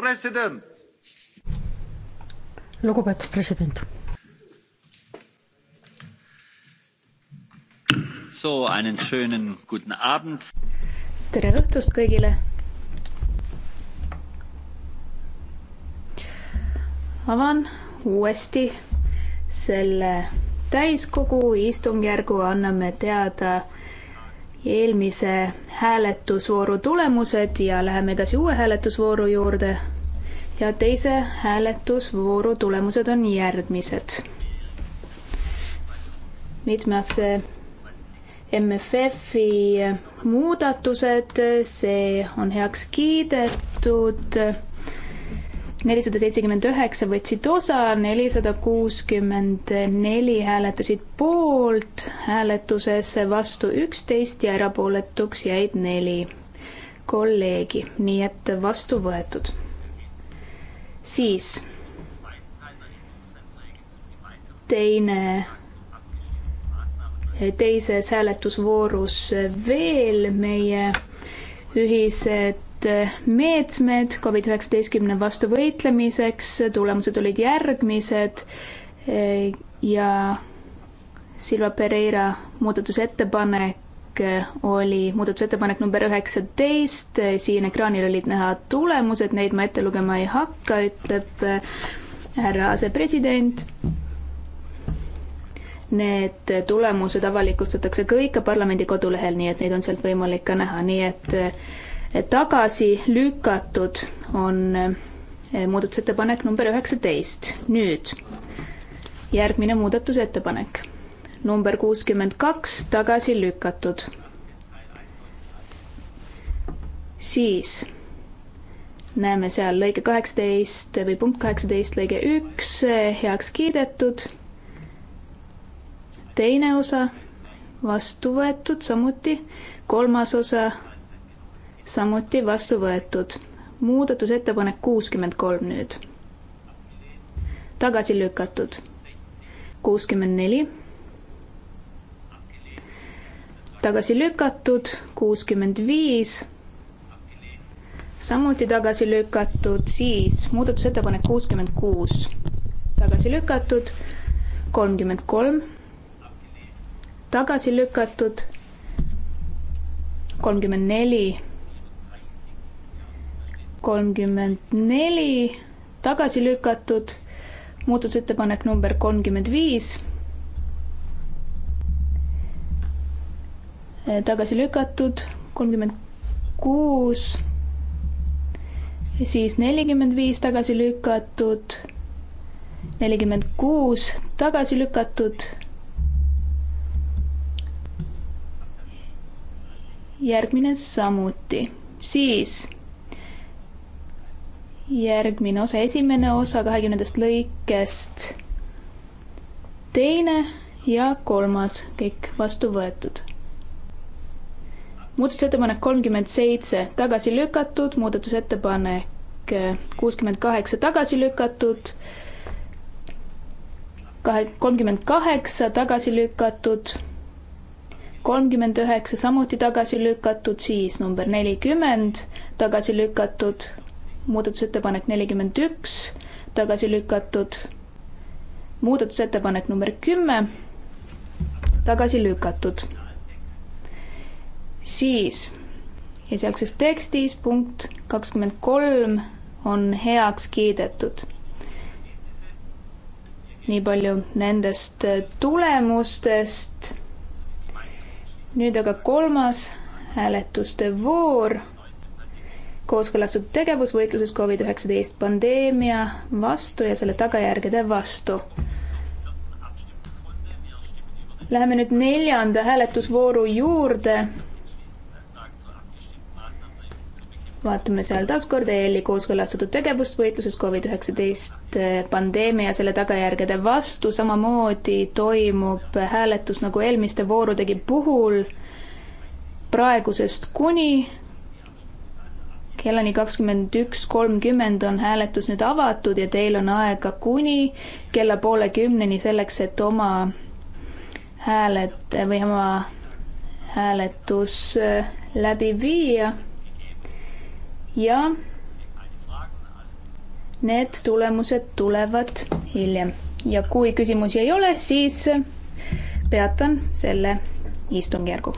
president. lugupeetud president. So einen schönen guten Abend. tere õhtust kõigile. avan uuesti selle täiskogu istungjärgu, anname teada eelmise hääletusvooru tulemused ja läheme edasi uue hääletusvooru juurde. ja teise hääletusvooru tulemused on järgmised. mitmeaastase MFF-i muudatused, see on heaks kiidetud nelisada seitsekümmend üheksa võtsid osa, nelisada kuuskümmend neli hääletasid poolt hääletuses, vastu üksteist ja erapooletuks jäid neli kolleegi, nii et vastu võetud. siis teine teises hääletusvoorus veel meie ühised et eh, meetmed Covid üheksateistkümne vastu võitlemiseks, tulemused olid järgmised eh, ja Silva Pereira muudatusettepanek eh, oli muudatusettepanek number üheksateist, siin ekraanil olid näha tulemused, neid ma ette lugema ei hakka, ütleb härra asepresident. Need tulemused avalikustatakse kõik ka parlamendi kodulehel, nii et neid on sealt võimalik ka näha, nii et äh, Eh, tagasi lükatud on eh, muudatusettepanek number üheksateist. nüüd järgmine muudatusettepanek, number kuuskümmend kaks, tagasi lükatud. siis näeme seal lõige kaheksateist või punkt kaheksateist, lõige üks, eh, heaks kiidetud. teine osa, vastu võetud samuti, kolmas osa samuti vastu võetud. muudatusettepanek kuuskümmend kolm nüüd. tagasi lükatud. kuuskümmend neli. tagasi lükatud, kuuskümmend viis samuti tagasi lükatud, siis muudatusettepanek kuuskümmend kuus tagasi lükatud, kolmkümmend kolm tagasi lükatud, kolmkümmend neli kolmkümmend neli tagasi lükatud, muudatusettepanek number kolmkümmend viis äh, tagasi lükatud, kolmkümmend kuus, siis nelikümmend viis tagasi lükatud, nelikümmend kuus tagasi lükatud. järgmine samuti, siis järgmine osa, esimene osa kahekümnendast lõikest. teine ja kolmas, kõik vastu võetud. muudatusettepanek kolmkümmend seitse tagasi lükatud, muudatusettepanek kuuskümmend kaheksa tagasi lükatud, kahe, kolmkümmend kaheksa tagasi lükatud, kolmkümmend üheksa samuti tagasi lükatud, siis number nelikümmend tagasi lükatud muudatusettepanek nelikümmend üks tagasi lükatud, muudatusettepanek number kümme tagasi lükatud. siis esialgses tekstis punkt kakskümmend kolm on heaks kiidetud. nii palju nendest tulemustest. nüüd aga kolmas hääletuste voor kooskõlastatud tegevus võitluses Covid-19 pandeemia vastu ja selle tagajärgede vastu. Läheme nüüd neljanda hääletusvooru juurde. vaatame seal taaskord EL-i kooskõlastatud tegevust võitluses Covid-19 pandeemia ja selle tagajärgede vastu. samamoodi toimub hääletus nagu eelmiste voorudegi puhul praegusest kuni kellani kakskümmend üks kolmkümmend on hääletus nüüd avatud ja teil on aega kuni kella poole kümneni selleks, et oma hääled või oma hääletus äh, läbi viia. ja need tulemused tulevad hiljem ja kui küsimusi ei ole, siis peatan selle istungjärgu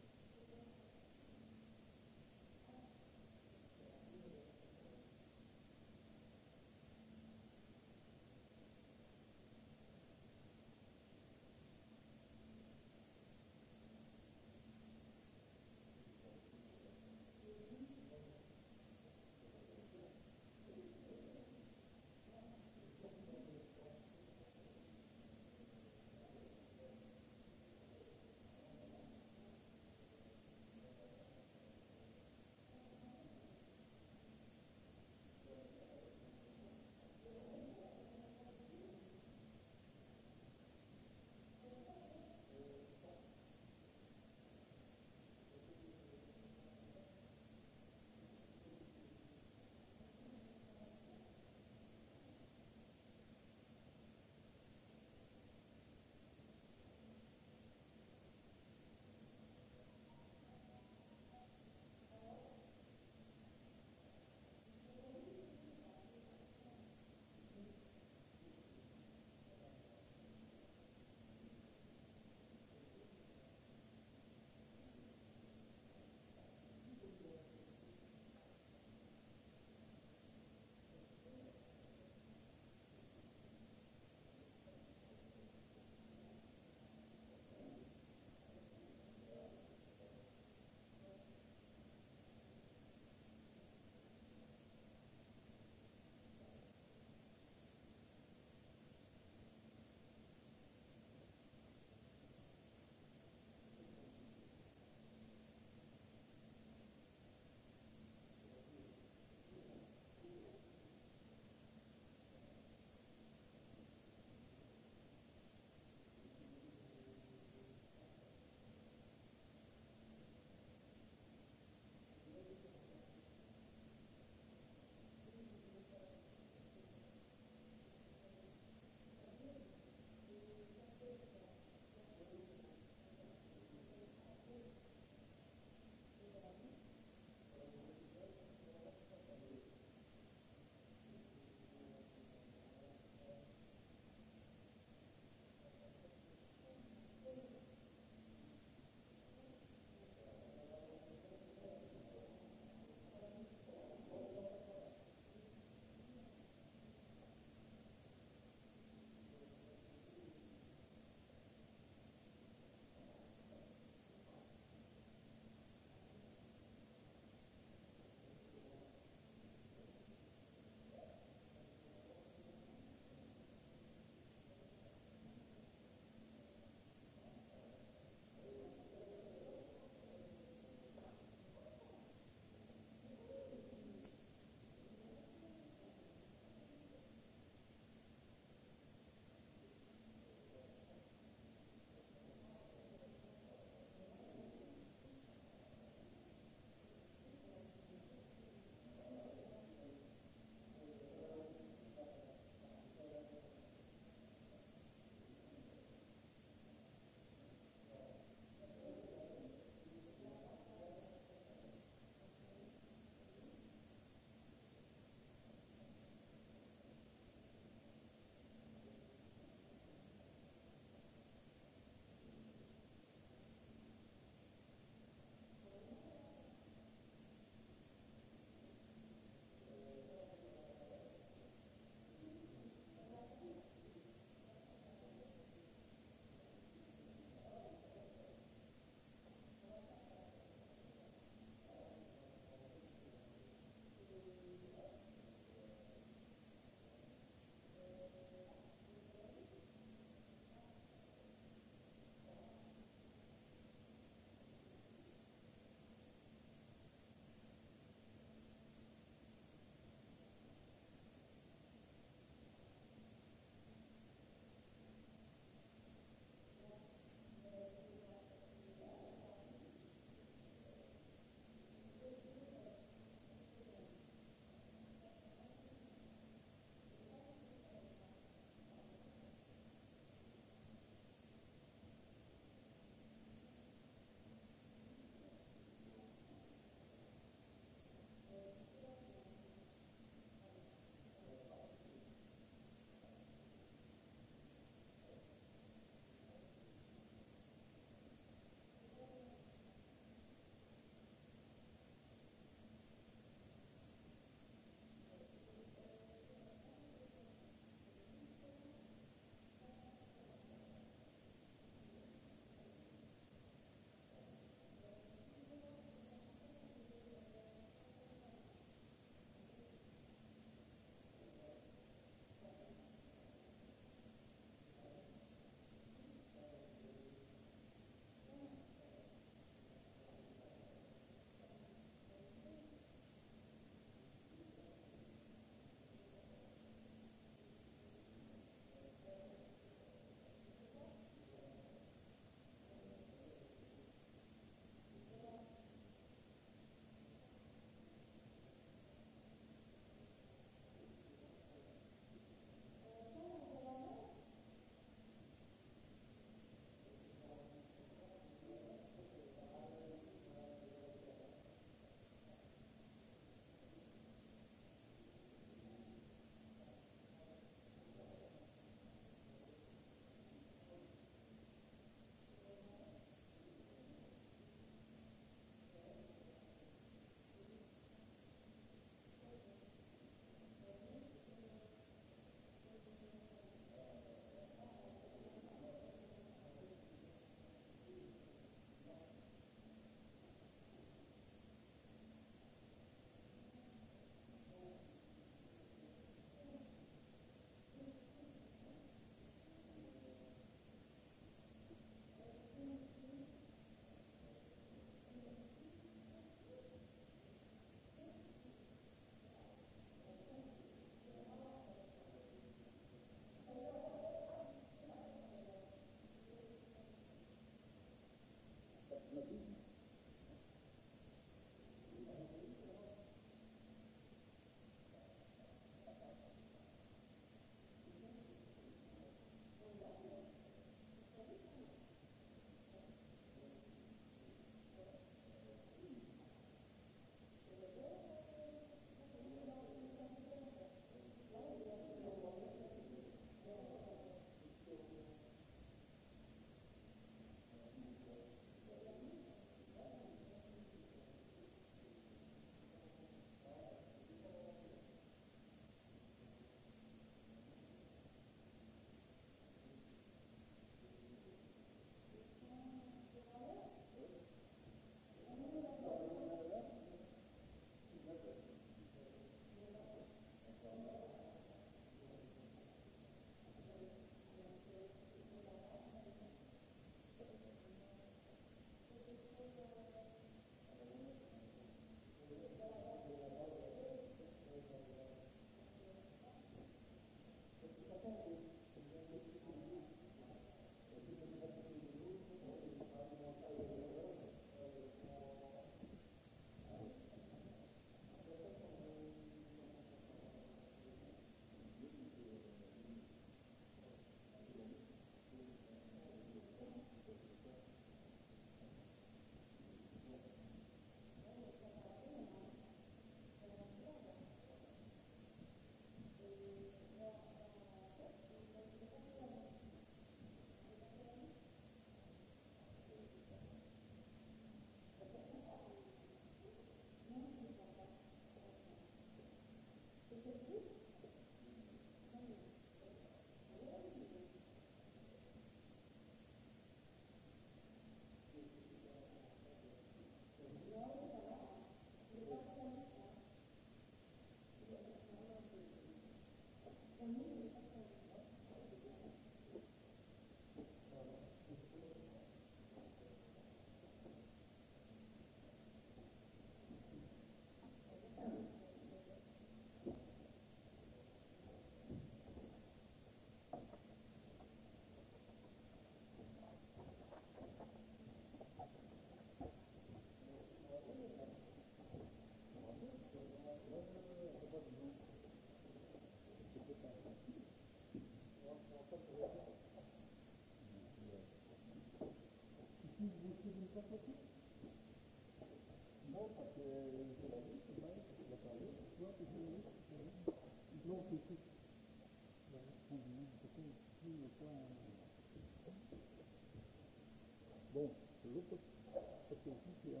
Bom, eu vou para o que a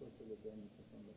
coisa eletrônica também.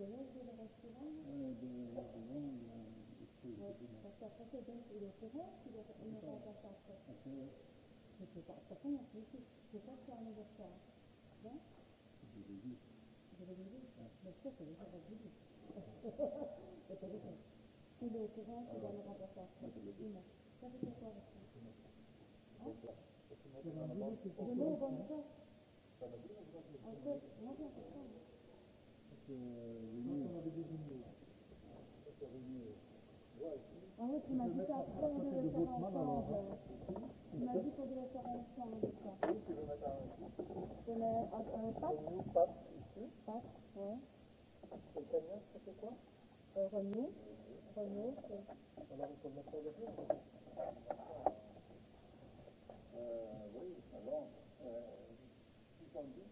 collège et le restaurant euh, de, Devant le school. Ouais, parce qu'après, c'est donc le courant qui doit être remplacé après. Après, ouais. Mais c'est pas, par contre, on peut c'est pas sur un anniversaire. Non Je l'ai dit. Je l'ai dit Bien sûr, c'est déjà réglé. C'est pas vrai. Il est au courant qu'il doit le remplacer après. Une. Ça, c'est quoi avec ça Hein Je l'ai dit, c'est pas vrai. Je l'ai dit, c'est pas vrai. En fait, moi, j'ai un peu de temps. Ah oui, tu m'as dit qu'après on devait faire ensemble. Tu m'as dit qu'on devait faire ensemble ça. Oui, tu veux mettre un. Mais un pape Pape ici. Pape, ouais. Et italien, ça fait quoi euh, Renault. Renault, c'est. Alors il faut le mettre en deux. Euh, oui, alors. Euh, 70.